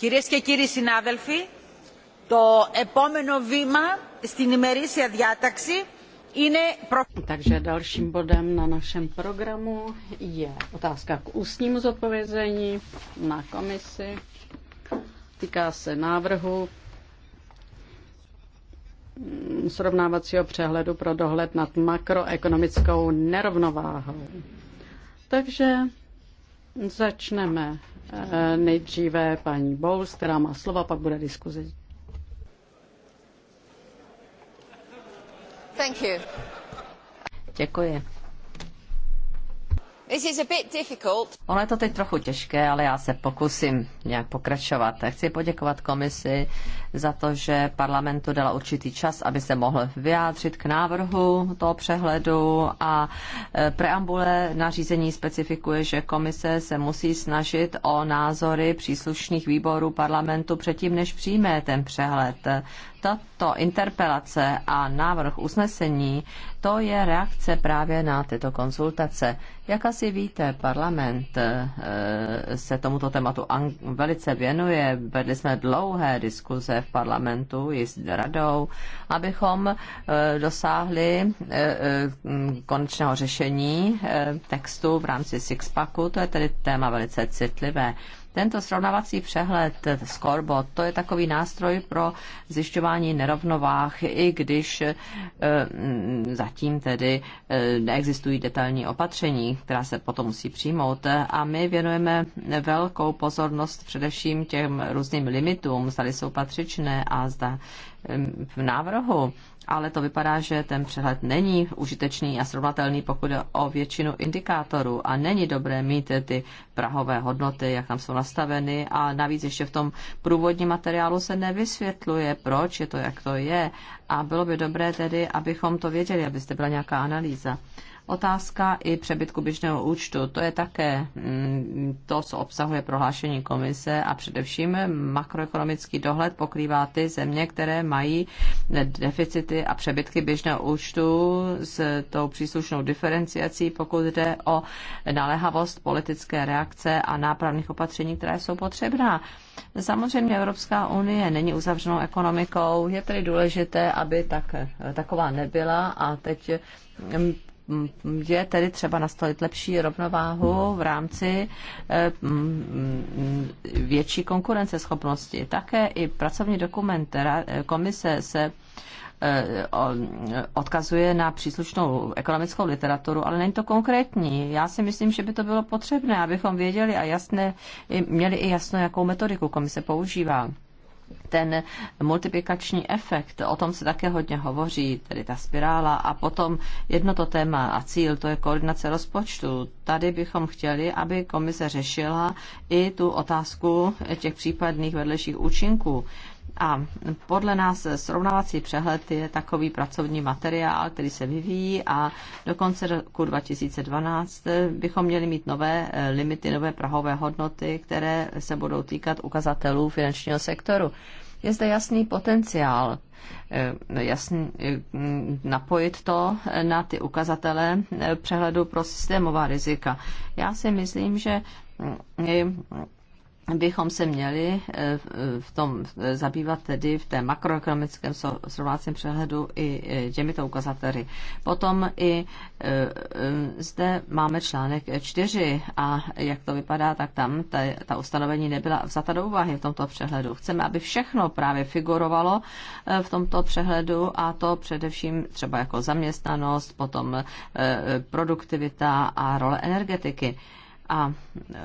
Κυρίες και κύριοι συνάδελφοι, το επόμενο βήμα στην ημερήσια διάταξη είναι... Takže dalším bodem na našem programu je otázka k ústnímu zodpovězení na komisi. Týká se návrhu srovnávacího přehledu pro dohled nad makroekonomickou nerovnováhou. Takže začneme Eh, nejdříve paní Bowles, která má slova, pak bude diskuze. Thank you. Děkuji. Ono je to teď trochu těžké, ale já se pokusím nějak pokračovat. Chci poděkovat komisi za to, že parlamentu dala určitý čas, aby se mohl vyjádřit k návrhu toho přehledu a e, preambule nařízení specifikuje, že komise se musí snažit o názory příslušných výborů parlamentu předtím, než přijme ten přehled. Tato interpelace a návrh usnesení to je reakce právě na tyto konzultace. Jak asi víte, parlament eh, se tomuto tématu velice věnuje. Vedli jsme dlouhé diskuze v parlamentu i s radou, abychom eh, dosáhli eh, konečného řešení textu v rámci Sixpacku. To je tedy téma velice citlivé. Tento srovnavací přehled, scoreboard, to je takový nástroj pro zjišťování nerovnováh, i když eh, mm, zatím tedy eh, neexistují detailní opatření, která se potom musí přijmout. A my věnujeme velkou pozornost především těm různým limitům, zda jsou patřičné a zda v návrhu, ale to vypadá, že ten přehled není užitečný a srovnatelný, pokud je o většinu indikátorů a není dobré mít ty prahové hodnoty, jak tam jsou nastaveny a navíc ještě v tom průvodním materiálu se nevysvětluje, proč je to, jak to je a bylo by dobré tedy, abychom to věděli, abyste byla nějaká analýza. Otázka i přebytku běžného účtu, to je také mm, to, co obsahuje prohlášení komise a především makroekonomický dohled pokrývá ty země, které mají deficity a přebytky běžného účtu s tou příslušnou diferenciací, pokud jde o naléhavost politické reakce a nápravných opatření, které jsou potřebná. Samozřejmě Evropská unie není uzavřenou ekonomikou, je tedy důležité, aby tak, taková nebyla a teď mm, je tedy třeba nastolit lepší rovnováhu no. v rámci eh, větší konkurenceschopnosti. Také i pracovní dokument komise se eh, odkazuje na příslušnou ekonomickou literaturu, ale není to konkrétní. Já si myslím, že by to bylo potřebné, abychom věděli a jasné, měli i jasno, jakou metodiku komise používá ten multiplikační efekt, o tom se také hodně hovoří, tedy ta spirála a potom jedno to téma a cíl, to je koordinace rozpočtu. Tady bychom chtěli, aby komise řešila i tu otázku těch případných vedlejších účinků a podle nás srovnávací přehled je takový pracovní materiál, který se vyvíjí a do konce roku 2012 bychom měli mít nové eh, limity, nové prahové hodnoty, které se budou týkat ukazatelů finančního sektoru. Je zde jasný potenciál eh, jasný, eh, napojit to na ty ukazatele přehledu pro systémová rizika. Já si myslím, že mm, bychom se měli eh, v tom eh, zabývat tedy v té makroekonomickém srovnávacím přehledu i eh, těmito ukazateli. Potom i zde máme článek 4 a jak to vypadá, tak tam ta, ta ustanovení nebyla vzata do úvahy v tomto přehledu. Chceme, aby všechno právě figurovalo v tomto přehledu a to především třeba jako zaměstnanost, potom produktivita a role energetiky. A e,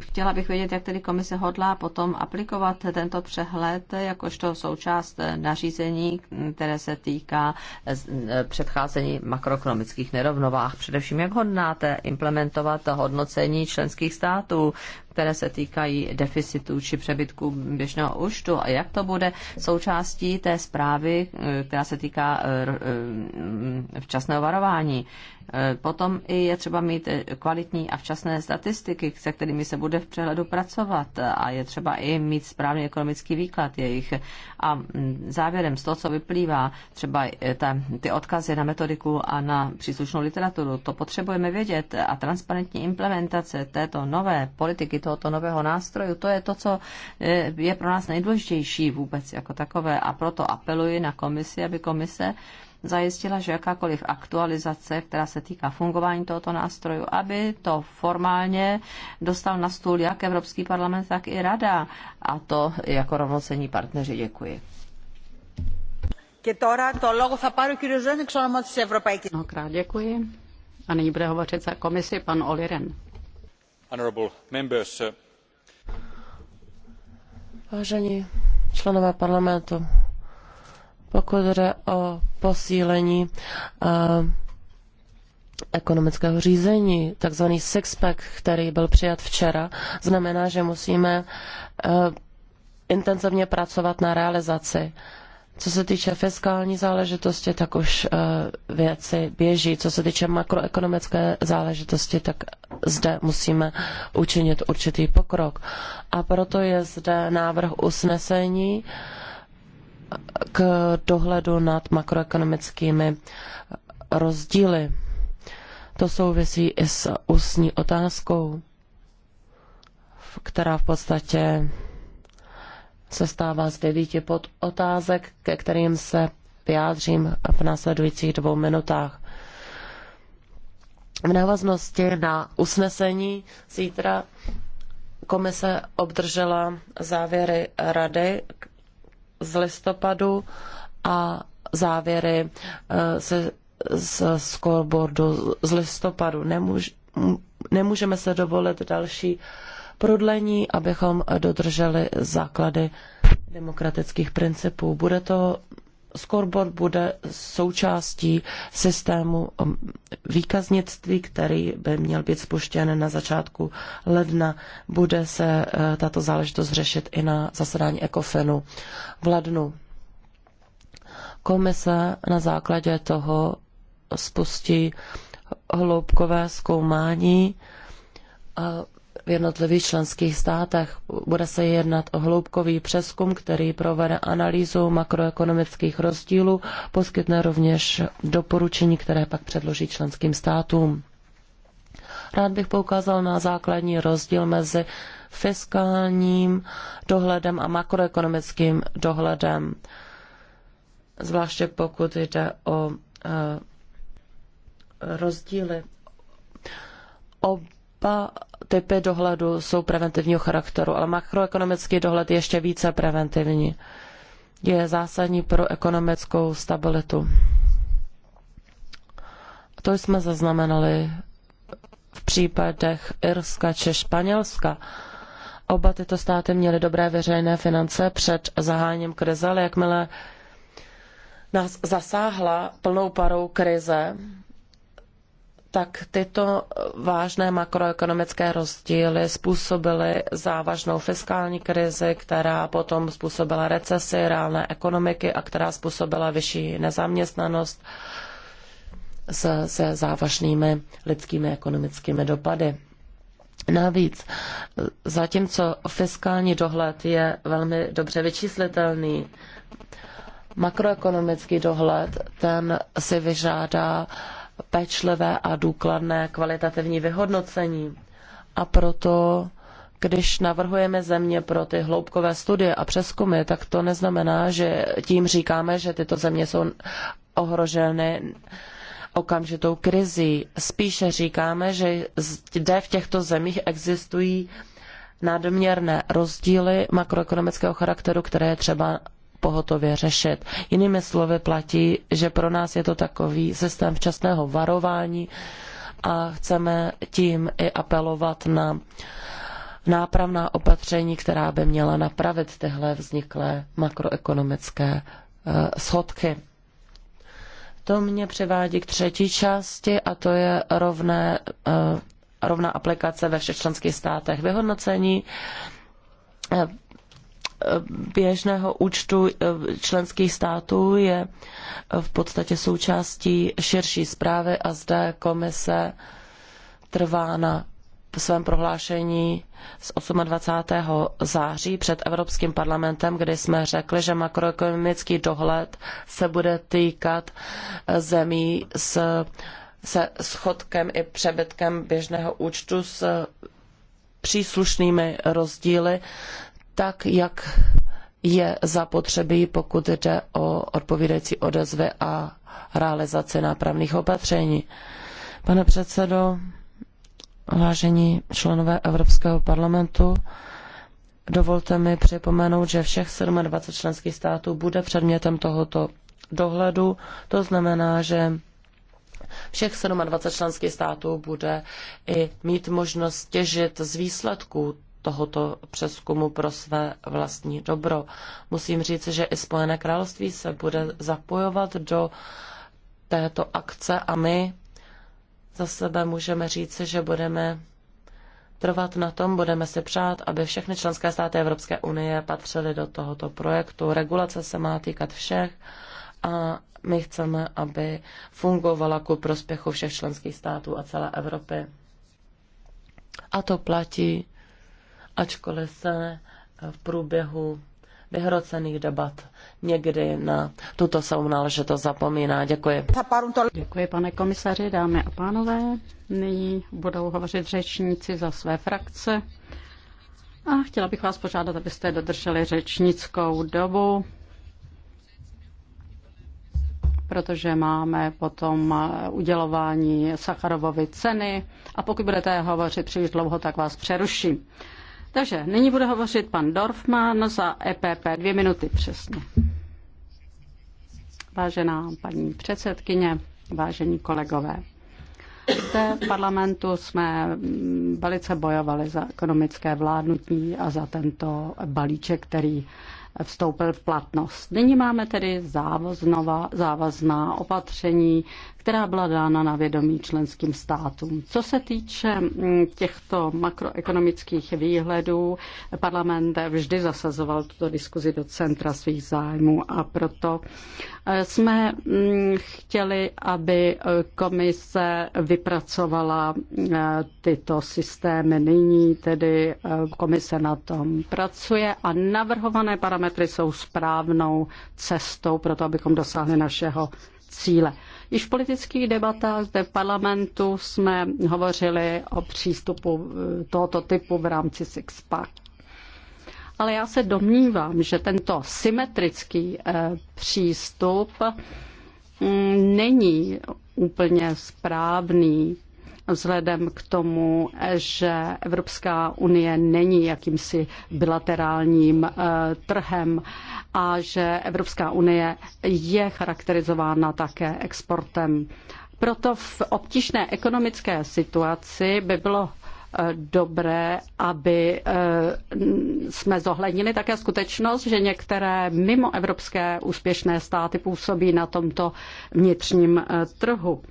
chtěla bych vědět, jak tedy komise hodlá potom aplikovat tento přehled jakožto součást nařízení, které se týká e, e, předcházení makroekonomických nerovnovách. Především, jak hodnáte implementovat hodnocení členských států, které se týkají deficitu či přebytku běžného účtu a jak to bude součástí té zprávy, eh, která se týká eh, eh, včasného varování. Potom i je třeba mít kvalitní a včasné statistiky, se kterými se bude v přehledu pracovat a je třeba i mít správný ekonomický výklad jejich. A mm, závěrem z toho, co vyplývá, třeba ta, ty odkazy na metodiku a na příslušnou literaturu, to potřebujeme vědět a transparentní implementace této nové politiky, to tohoto nového nástroju, to je to, co eh, je pro nás nejdůležitější vůbec jako takové. A proto apeluji na komisi, aby komise zajistila, že jakákoliv aktualizace, která se týká fungování tohoto nástroju, aby to formálně dostal na stůl jak Evropský parlament, tak i Rada. A to jako rovnocení partneři. Děkuji. Mnohokrát děkuji. A nyní bude hovořit za komisi pan Oliren. Uh, Vážení členové parlamentu, pokud jde o posílení eh, ekonomického řízení, takzvaný sixpack, který byl přijat včera, znamená, že musíme eh, intenzivně pracovat na realizaci. Co se týče fiskální záležitosti, tak už eh, věci běží. Co se týče makroekonomické záležitosti, tak zde musíme učinit určitý pokrok. A proto je zde návrh usnesení k dohledu nad makroekonomickými rozdíly. To souvisí i s ústní otázkou, která v podstatě se stává z devíti pod otázek, ke kterým se vyjádřím v následujících dvou minutách. V návaznosti na usnesení zítra komise obdržela závěry rady z listopadu a závěry eh, se z scoreboardu z listopadu. Nemůž, nemůžeme se dovolit další prodlení, abychom dodrželi základy demokratických principů. Bude to scoreboard bude součástí systému um, výkaznictví, který by měl být spuštěn na začátku ledna. Bude se eh, tato záležitost řešit i na zasedání ECOFINu v lednu. Komise na základě toho spustí hloubkové zkoumání eh, v jednotlivých členských státech. Bude se jednat o hloubkový přeskum, který provede analýzu makroekonomických rozdílů, poskytne rovněž doporučení, které pak předloží členským státům. Rád bych poukázal na základní rozdíl mezi fiskálním dohledem a makroekonomickým dohledem, zvláště pokud jde o eh, rozdíly. Ob Oba typy dohledu jsou preventivního charakteru, ale makroekonomický dohled je ještě více preventivní. Je zásadní pro ekonomickou stabilitu. To jsme zaznamenali v případech Irska či Španělska. Oba tyto státy měly dobré veřejné finance před zahájením krize, ale jakmile nás zasáhla plnou parou krize, tak tyto eh, vážné makroekonomické rozdíly způsobily závažnou fiskální krizi, která potom způsobila recesi reálné ekonomiky a která způsobila vyšší nezaměstnanost se, se závažnými lidskými ekonomickými dopady. Navíc, eh, zatímco fiskální dohled je velmi dobře vyčíslitelný, makroekonomický dohled, ten si vyžádá uh, pečlivé a důkladné kvalitativní vyhodnocení. A proto, když navrhujeme země pro ty hloubkové studie a přeskumy, tak to neznamená, že tím říkáme, že tyto země jsou ohroženy okamžitou krizí. Spíše říkáme, že zde v těchto zemích existují nadměrné rozdíly makroekonomického charakteru, které je třeba pohotově řešit. Jinými slovy platí, že pro nás je to takový systém včasného varování a chceme tím i apelovat na nápravná opatření, která by měla napravit tyhle vzniklé makroekonomické eh, schodky. To mě přivádí k třetí části a to je rovné, eh, rovná aplikace ve všech členských státech. Vyhodnocení eh, běžného účtu eh, členských států je eh, v podstatě součástí širší zprávy a zde komise trvá na svém prohlášení z 28. září před Evropským parlamentem, kdy jsme řekli, že makroekonomický dohled se bude týkat eh, zemí s, se schodkem i přebytkem běžného účtu s příslušnými rozdíly tak, jak je zapotřebí, pokud jde o odpovídající odezvy a realizaci nápravných opatření. Pane předsedo, vážení členové Evropského parlamentu, dovolte mi připomenout, že všech 27 členských států bude předmětem tohoto dohledu. To znamená, že všech 27 členských států bude i mít možnost těžit z výsledků tohoto přeskumu pro své vlastní dobro. Musím říct, že i Spojené království se bude zapojovat do této akce a my za sebe můžeme říct, že budeme trvat na tom, budeme si přát, aby všechny členské státy Evropské unie patřily do tohoto projektu. Regulace se má týkat všech a my chceme, aby fungovala ku prospěchu všech členských států a celé Evropy. A to platí ačkoliv se eh, v průběhu vyhrocených debat někdy na tuto to zapomíná. Děkuji. Děkuji, pane komisaři, dámy a pánové. Nyní budou hovořit řečníci za své frakce. A chtěla bych vás požádat, abyste dodrželi řečnickou dobu, protože máme potom eh, udělování Sacharovovy ceny a pokud budete hovořit příliš dlouho, tak vás přeruším. Takže nyní bude hovořit pan Dorfman za EPP. Dvě minuty přesně. Vážená paní předsedkyně, vážení kolegové. Zde v parlamentu jsme velice bojovali za ekonomické vládnutí a za tento balíček, který vstoupil v platnost. Nyní máme tedy závaznová, závazná opatření, která byla dána na vědomí členským státům. Co se týče mm, těchto makroekonomických výhledů, parlament vždy zasazoval tuto diskuzi do centra svých zájmů a proto eh, jsme mm, chtěli, aby eh, komise vypracovala eh, tyto systémy. Nyní tedy komise na tom pracuje a navrhované parametry jsou správnou cestou pro to, abychom dosáhli našeho cíle. Již v politických debatách zde v parlamentu jsme hovořili o přístupu eh, tohoto typu v rámci SIXPAC. Ale já se domnívám, že tento symetrický eh, přístup mm, není úplně správný vzhledem k tomu, že Evropská unie není jakýmsi bilaterálním eh, trhem a že Evropská unie je charakterizována také exportem. Proto v obtížné ekonomické situaci by bylo eh, dobré, aby eh, jsme zohlednili také skutečnost, že některé mimoevropské úspěšné státy působí na tomto vnitřním trhu.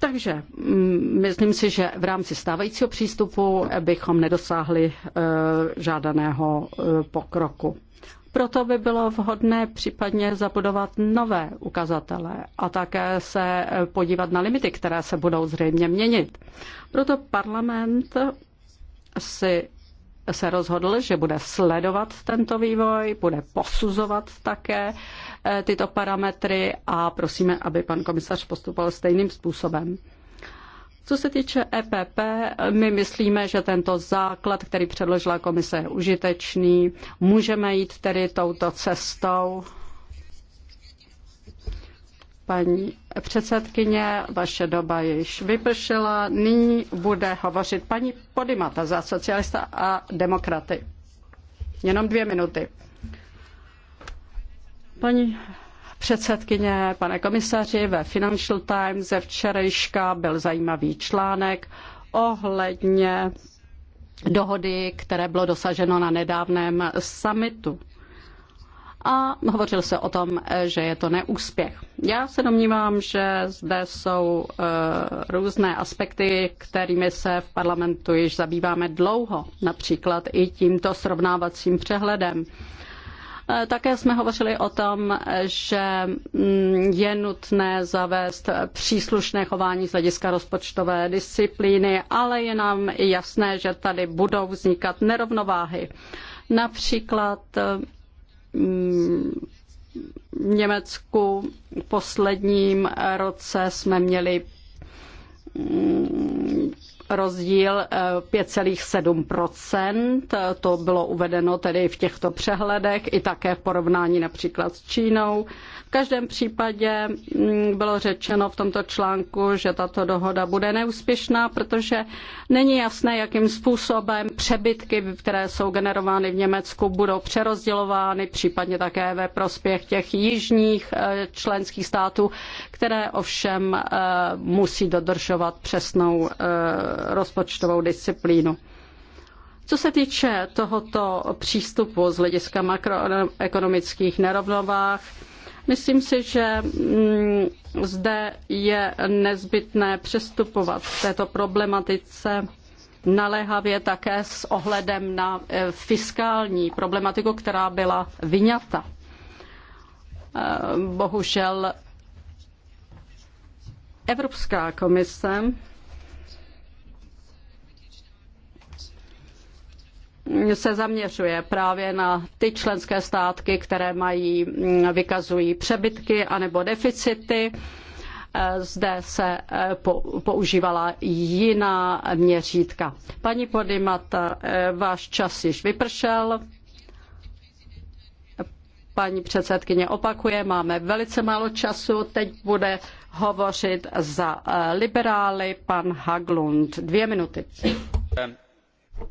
Takže mm, myslím si, že v rámci stávajícího přístupu bychom nedosáhli eh, žádaného eh, pokroku. Proto by bylo vhodné případně zabudovat nové ukazatele a také se eh, podívat na limity, které se budou zřejmě měnit. Proto parlament si se rozhodl, že bude sledovat tento vývoj, bude posuzovat také eh, tyto parametry a prosíme, aby pan komisař postupoval stejným způsobem. Co se týče EPP, my myslíme, že tento základ, který předložila komise, je užitečný. Můžeme jít tedy touto cestou paní předsedkyně, vaše doba je již vypršela. Nyní bude hovořit paní Podimata za socialista a demokraty. Jenom dvě minuty. Paní předsedkyně, pane komisaři, ve Financial Times ze včerejška byl zajímavý článek ohledně dohody, které bylo dosaženo na nedávném summitu a hovořil se o tom, eh, že je to neúspěch. Já se domnívám, že zde jsou eh, různé aspekty, kterými se v parlamentu již zabýváme dlouho, například i tímto srovnávacím přehledem. Eh, také jsme hovořili o tom, že mm, je nutné zavést příslušné chování z hlediska rozpočtové disciplíny, ale je nám jasné, že tady budou vznikat nerovnováhy. Například Mm, Německu v posledním roce jsme měli mm, rozdíl 5,7 eh, to bylo uvedeno tedy v těchto přehledech i také v porovnání například s Čínou. V každém případě mm, bylo řečeno v tomto článku, že tato dohoda bude neúspěšná, protože není jasné, jakým způsobem přebytky, které jsou generovány v Německu, budou přerozdělovány, případně také ve prospěch těch jižních eh, členských států, které ovšem eh, musí dodržovat přesnou rozpočtovou disciplínu. Co se týče tohoto přístupu z hlediska makroekonomických nerovnovách, myslím si, že mm, zde je nezbytné přestupovat k této problematice naléhavě také s ohledem na eh, fiskální problematiku, která byla vyňata. Eh, bohužel Evropská komise se zaměřuje právě na ty členské státky, které mají, mm, vykazují přebytky anebo deficity. Eh, zde se eh, používala jiná měřítka. Paní Podimata, eh, váš čas již vypršel paní předsedkyně opakuje, máme velice málo času. Teď bude hovořit za liberály pan Haglund. Dvě minuty.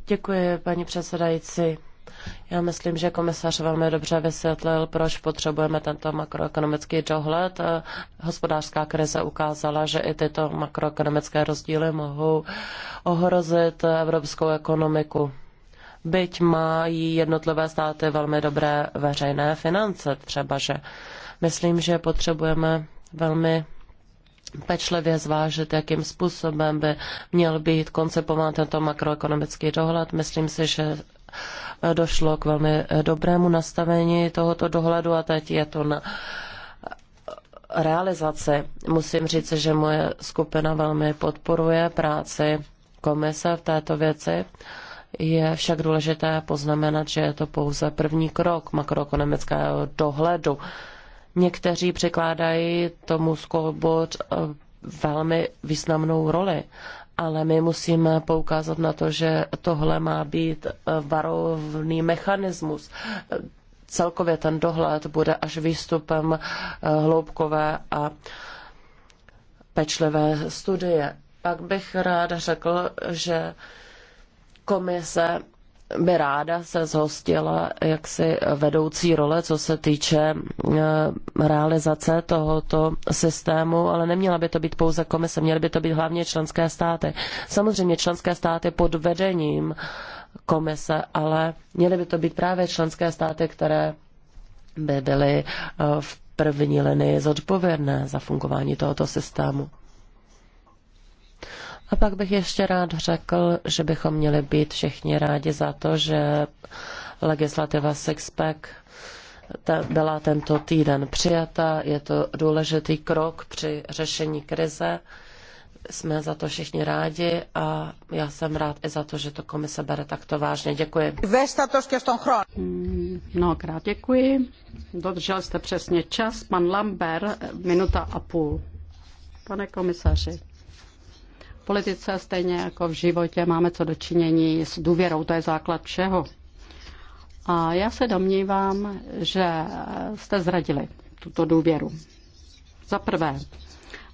Děkuji, paní předsedající. Já myslím, že komisař velmi dobře vysvětlil, proč potřebujeme tento makroekonomický dohled. Hospodářská krize ukázala, že i tyto makroekonomické rozdíly mohou ohrozit evropskou ekonomiku. Byť mají jednotlivé státy velmi dobré veřejné finance, třeba že myslím, že potřebujeme velmi pečlivě zvážit, jakým způsobem by měl být koncipován tento makroekonomický dohled. Myslím si, že došlo k velmi dobrému nastavení tohoto dohledu a teď je to na realizaci. Musím říct, že moje skupina velmi podporuje práci komise v této věci. Je však důležité poznamenat, že je to pouze první krok makroekonomického dohledu. Někteří překládají tomu skolbot eh, velmi významnou roli, ale my musíme poukázat na to, že tohle má být eh, varovný mechanismus. Celkově ten dohled bude až výstupem eh, hloubkové a pečlivé studie. Pak bych rád řekl, že komise by ráda se zhostila jaksi vedoucí role, co se týče e, realizace tohoto systému, ale neměla by to být pouze komise, měly by to být hlavně členské státy. Samozřejmě členské státy pod vedením komise, ale měly by to být právě členské státy, které by byly e, v první linii zodpovědné za fungování tohoto systému. A pak bych ještě rád řekl, že bychom měli být všichni rádi za to, že legislativa Sixpack ta byla tento týden přijata. Je to důležitý krok při řešení krize. Jsme za to všichni rádi a já jsem rád i za to, že to komise bere takto vážně. Děkuji. Mnohokrát děkuji. Dodržel jste přesně čas. Pan Lambert, minuta a půl. Pane komisaři politice, stejně jako v životě, máme co dočinění s důvěrou, to je základ všeho. A já se domnívám, že jste zradili tuto důvěru. Za prvé,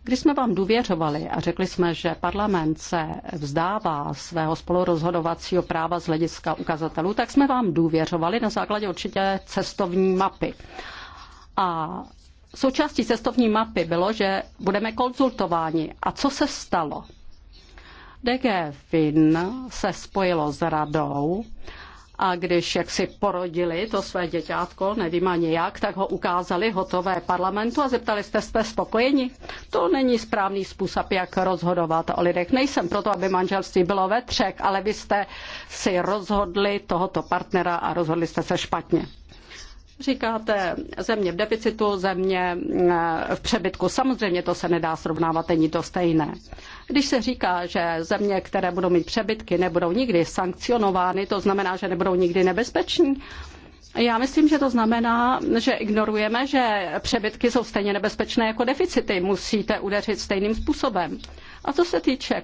když jsme vám důvěřovali a řekli jsme, že parlament se vzdává svého spolurozhodovacího práva z hlediska ukazatelů, tak jsme vám důvěřovali na základě určitě cestovní mapy. A součástí cestovní mapy bylo, že budeme konzultováni. A co se stalo? DG Fin se spojilo s radou a když jak si porodili to své děťátko, nevím ani jak, tak ho ukázali hotové parlamentu a zeptali jste, jste spokojeni? To není správný způsob, jak rozhodovat o lidech. Nejsem proto, aby manželství bylo ve třech, ale vy jste si rozhodli tohoto partnera a rozhodli jste se špatně. Říkáte země v deficitu, země eh, v přebytku. Samozřejmě to se nedá srovnávat, není to stejné. Když se říká, že země, které budou mít přebytky, nebudou nikdy sankcionovány, to znamená, že nebudou nikdy nebezpeční, já myslím, že to znamená, že ignorujeme, že přebytky jsou stejně nebezpečné jako deficity. Musíte udeřit stejným způsobem. A co se týče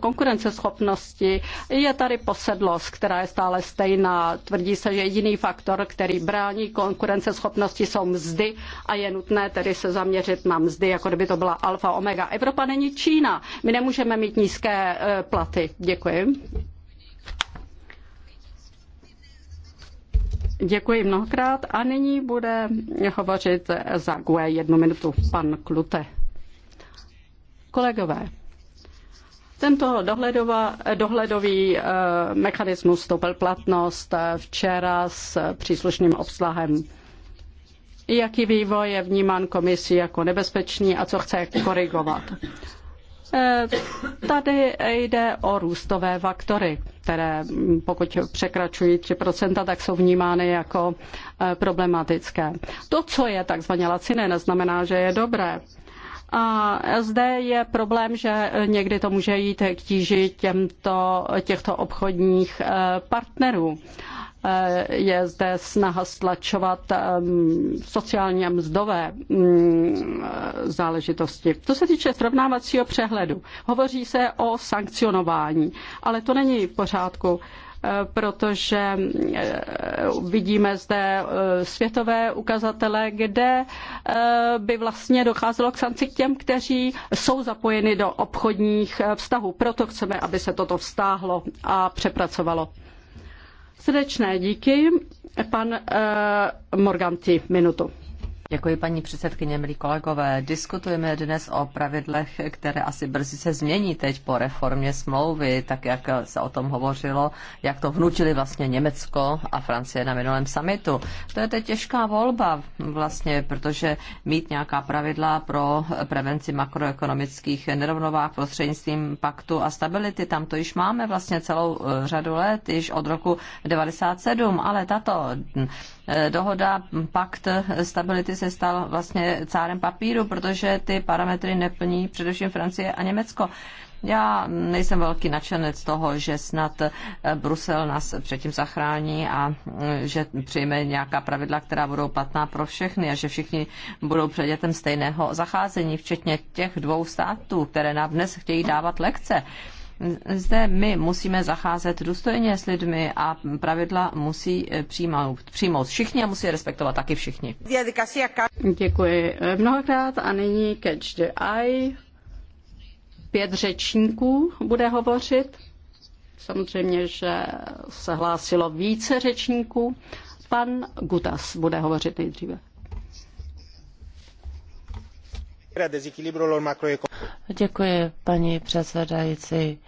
konkurenceschopnosti, je tady posedlost, která je stále stejná. Tvrdí se, že jediný faktor, který brání konkurenceschopnosti, jsou mzdy a je nutné tedy se zaměřit na mzdy, jako kdyby to byla alfa omega. Evropa není Čína. My nemůžeme mít nízké e, platy. Děkuji. Děkuji mnohokrát a nyní bude hovořit za GUE jednu minutu pan Klute. Kolegové, tento dohledová, dohledový eh, mechanismus vstoupil platnost eh, včera s příslušným obsahem. Jaký vývoj je vnímán komisí jako nebezpečný a co chce korigovat? Eh, tady jde o růstové faktory, které hm, pokud překračují 3%, tak jsou vnímány jako problematické. To, co je takzvaně laciné, neznamená, že je dobré. A zde je problém, že někdy to může jít k tíži těmto, těchto obchodních eh, partnerů eh, je zde snaha stlačovat ehm, sociální a mzdové mm, záležitosti. To se týče srovnávacího přehledu, hovoří se o sankcionování, ale to není v pořádku. Eh, protože eh, vidíme zde eh, světové ukazatele, kde by vlastně docházelo k sankci k těm, kteří jsou zapojeni do obchodních vztahů. Proto chceme, aby se toto vztáhlo a přepracovalo. Srdečné díky. Pan Morganti, minutu. Děkuji paní předsedkyně, milí kolegové. Diskutujeme dnes o pravidlech, které asi brzy se změní teď po reformě smlouvy, tak jak se o tom hovořilo, jak to vnutili vlastně Německo a Francie na minulém summitu. To je teď těžká volba vlastně, protože mít nějaká pravidla pro prevenci makroekonomických nerovnovách prostřednictvím paktu a stability, tam to již máme vlastně celou eh, řadu let, již od roku 97, ale tato hm, Eh, dohoda, pakt stability se stal vlastně cárem papíru, protože ty parametry neplní především Francie a Německo. Já nejsem velký nadšenec toho, že snad eh, Brusel nás předtím zachrání a eh, že přijme nějaká pravidla, která budou platná pro všechny a že všichni budou předmětem stejného zacházení, včetně těch dvou států, které nám dnes chtějí dávat lekce. Zde my musíme zacházet důstojně s lidmi a pravidla musí eh, přijmout, přijmout všichni a musí respektovat taky všichni. Děkuji eh, mnohokrát a nyní Catch the Eye. Pět řečníků bude hovořit. Samozřejmě, že se hlásilo více řečníků. Pan Gutas bude hovořit nejdříve paní předsedající.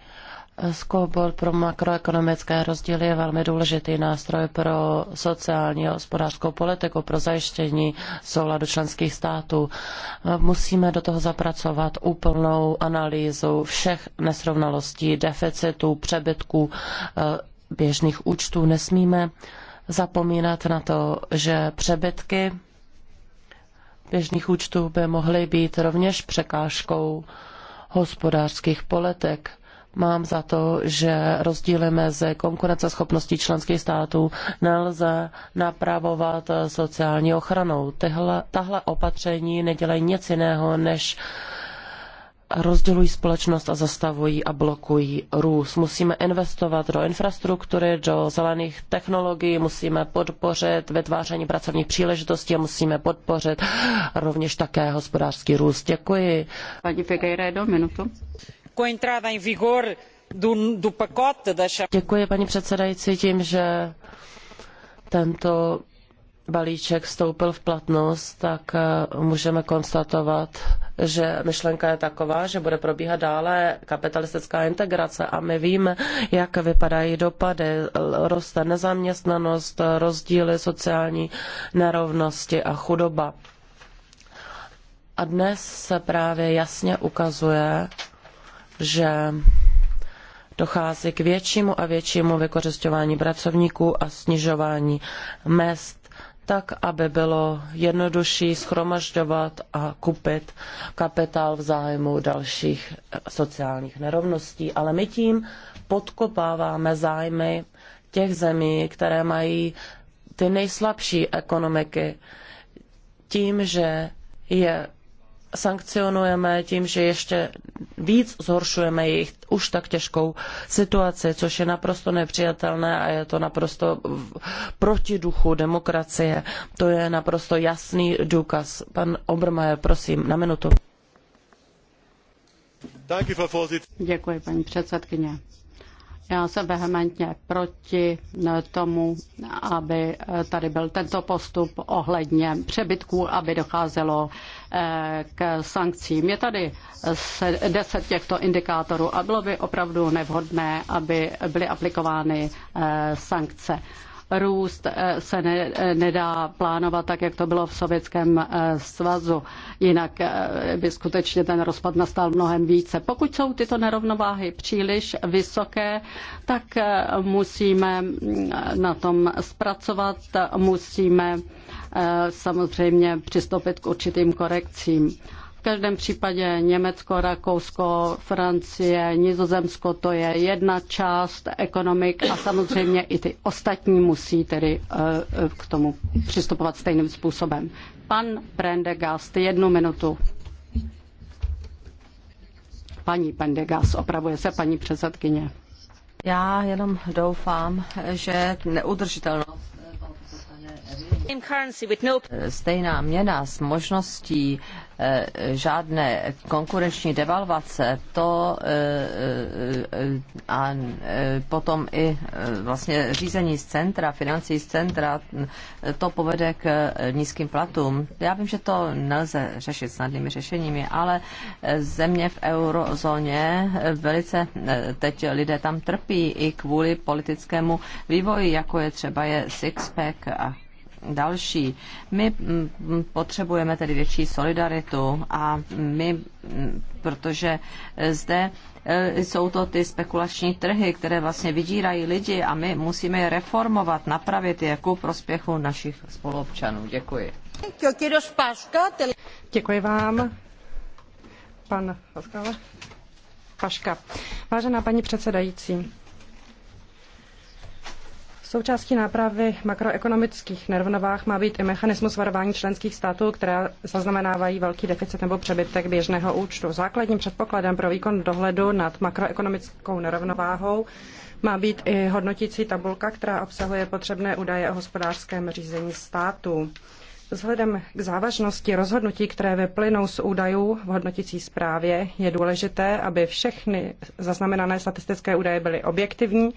Scoreboard pro makroekonomické rozdíly je velmi důležitý nástroj pro sociální a hospodářskou politiku, pro zajištění souladu členských států. Musíme do toho zapracovat úplnou analýzu všech nesrovnalostí, deficitů, přebytků eh, běžných účtů. Nesmíme zapomínat na to, že přebytky běžných účtů by mohly být rovněž překážkou hospodářských poletek. Mám za to, že rozdíly mezi konkurenceschopností členských států nelze napravovat sociální ochranou. Tyhle, tahle opatření nedělají nic jiného, než uh, rozdělují společnost a zastavují a blokují růst. Musíme investovat do infrastruktury, do zelených technologií, musíme podpořit vytváření pracovních příležitostí a musíme podpořit rovněž také hospodářský růst. Děkuji. Pani Figueiredo, minutu. Děkuji, paní předsedající, tím, že tento balíček vstoupil v platnost, tak eh, můžeme konstatovat, že myšlenka je taková, že bude probíhat dále kapitalistická integrace a my víme, jak vypadají dopady. Roste nezaměstnanost, rozdíly sociální nerovnosti a chudoba. A dnes se právě jasně ukazuje, že dochází k většímu a většímu vykořišťování pracovníků a snižování mest tak, aby bylo jednodušší schromažďovat a kupit kapitál v zájmu dalších eh, sociálních nerovností. Ale my tím podkopáváme zájmy těch zemí, které mají ty nejslabší ekonomiky tím, že je sankcionujeme tím, že ještě víc zhoršujeme jejich už tak těžkou situaci, což je naprosto nepřijatelné a je to naprosto proti duchu demokracie. To je naprosto jasný důkaz. Pan Obermajer, prosím, na minutu. Děkuji, paní předsedkyně. Já jsem vehementně proti eh, tomu, aby eh, tady byl tento postup ohledně přebytků, aby docházelo eh, k sankcím. Je tady deset těchto indikátorů a bylo by opravdu nevhodné, aby byly aplikovány sankce. Růst eh, se ne, eh, nedá plánovat tak, jak to bylo v Sovětském eh, svazu. Jinak by skutečně ten rozpad nastal mnohem více. Pokud jsou tyto nerovnováhy příliš vysoké, tak musíme mm, na tom zpracovat, musíme samozřejmě přistoupit k určitým korekcím každém případě Německo, Rakousko, Francie, Nizozemsko, to je jedna část ekonomik a samozřejmě i ty ostatní musí tedy eh, eh, k tomu přistupovat stejným způsobem. Pan Prendegast, jednu minutu. Paní Prendegast, opravuje se paní předsedkyně. Já jenom doufám, že neudržitelnost Stejná měna s možností eh, žádné konkurenční devalvace, to eh, eh, a potom i vlastně řízení z centra, financí z centra, to povede k nízkým platům. Já vím, že to nelze řešit snadnými řešeními, ale země v eurozóně velice teď lidé tam trpí i kvůli politickému vývoji, jako je třeba je Sixpack a další. My mm, potřebujeme tedy větší solidaritu a my, mm, protože zde e, jsou to ty spekulační trhy, které vlastně vydírají lidi a my musíme je reformovat, napravit je ku prospěchu našich spoluobčanů. Děkuji. Děkuji vám, pan Paška. Vážená paní předsedající, Součástí nápravy makroekonomických nerovnovách má být i mechanismus varování členských států, které zaznamenávají velký deficit nebo přebytek běžného účtu. Základním předpokladem pro výkon dohledu nad makroekonomickou nerovnováhou má být i hodnotící tabulka, která obsahuje potřebné údaje o hospodářském řízení státu. Vzhledem k závažnosti rozhodnutí, které vyplynou z údajů v hodnotící zprávě, je důležité, aby všechny zaznamenané statistické údaje byly objektivní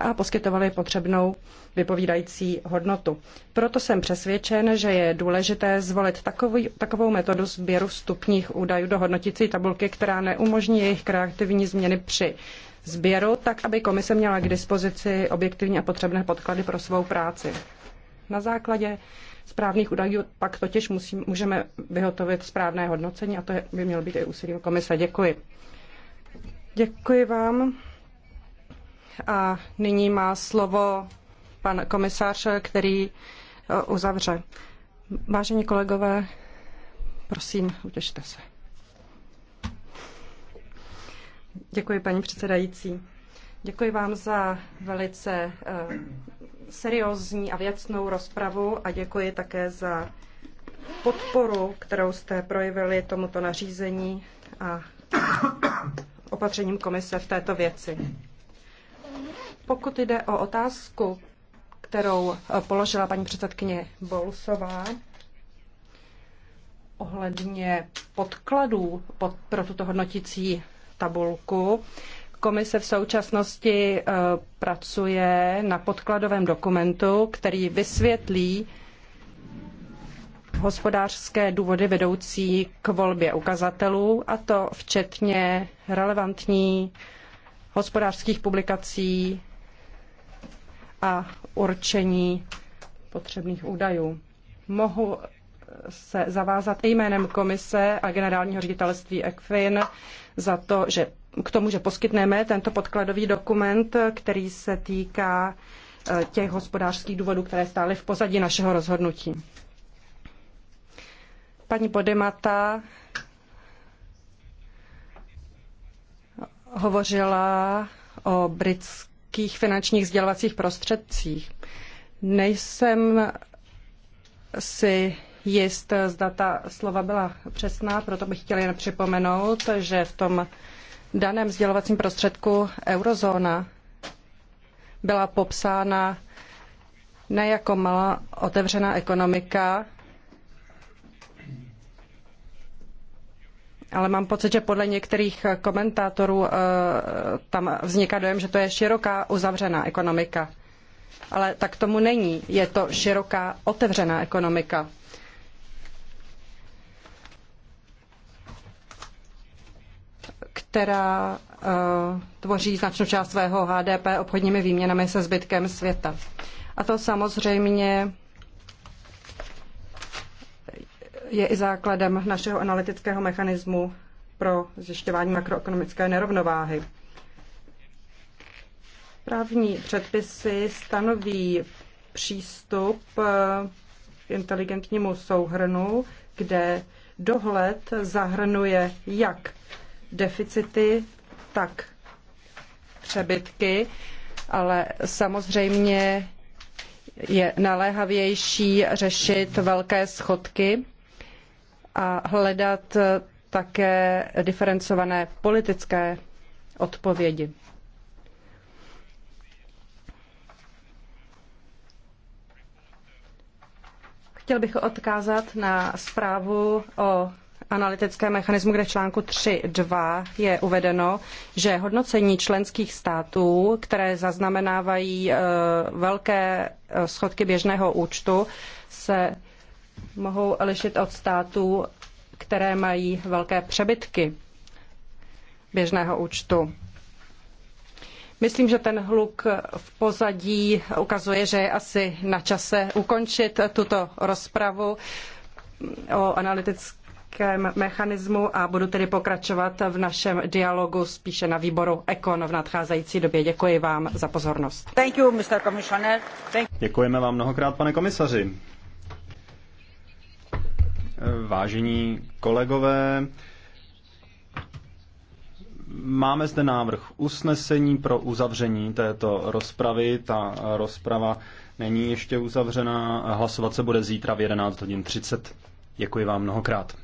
a poskytovaly potřebnou vypovídající hodnotu. Proto jsem přesvědčen, že je důležité zvolit takový, takovou metodu sběru vstupních údajů do hodnotící tabulky, která neumožní jejich kreativní změny při sběru, tak aby komise měla k dispozici objektivní a potřebné podklady pro svou práci. Na základě správných údajů, pak totiž musí, můžeme vyhotovit správné hodnocení a to je, by mělo být i úsilí komise. Děkuji. Děkuji vám. A nyní má slovo pan komisař, který eh, uzavře. Vážení kolegové, prosím, utěšte se. Děkuji, paní předsedající. Děkuji vám za velice eh, seriózní a věcnou rozpravu a děkuji také za podporu, kterou jste projevili tomuto nařízení a opatřením komise v této věci. Pokud jde o otázku, kterou eh, položila paní předsedkyně Bolsová ohledně podkladů pod, pro tuto hodnotící tabulku, Komise v současnosti eh, pracuje na podkladovém dokumentu, který vysvětlí hospodářské důvody vedoucí k volbě ukazatelů, a to včetně relevantní hospodářských publikací a určení potřebných údajů. Mohu se zavázat jménem komise a generálního ředitelství ECFIN za to, že k tomu, že poskytneme tento podkladový dokument, který se týká eh, těch hospodářských důvodů, které stály v pozadí našeho rozhodnutí. Paní podemata hovořila o britských finančních sdělovacích prostředcích. Nejsem si jist, zda ta slova byla přesná, proto bych chtěla jen připomenout, že v tom daném sdělovacím prostředku eurozóna byla popsána ne jako malá otevřená ekonomika, ale mám pocit, že podle některých komentátorů eh, tam vzniká dojem, že to je široká uzavřená ekonomika. Ale tak tomu není. Je to široká otevřená ekonomika. která eh, tvoří značnou část svého HDP obchodními výměnami se zbytkem světa. A to samozřejmě je i základem našeho analytického mechanismu pro zjišťování makroekonomické nerovnováhy. Právní předpisy stanoví přístup eh, k inteligentnímu souhrnu, kde dohled zahrnuje jak deficity, tak přebytky, ale samozřejmě je naléhavější řešit velké schodky a hledat také diferencované politické odpovědi. Chtěl bych odkázat na zprávu o analytickém mechanismu, kde v článku 3.2 je uvedeno, že hodnocení členských států, které zaznamenávají eh, velké eh, schodky běžného účtu, se mohou lišit od států, které mají velké přebytky běžného účtu. Myslím, že ten hluk v pozadí ukazuje, že je asi na čase ukončit tuto rozpravu o analytickém nějakém mechanismu a budu tedy pokračovat v našem dialogu spíše na výboru Ekon v nadcházející době. Děkuji vám za pozornost. Thank you, Mr. Commissioner. Thank you. Děkujeme vám mnohokrát, pane komisaři. Vážení kolegové, Máme zde návrh usnesení pro uzavření této rozpravy. Ta rozprava není ještě uzavřena. Hlasovat se bude zítra v 11.30. hodin Děkuji vám mnohokrát.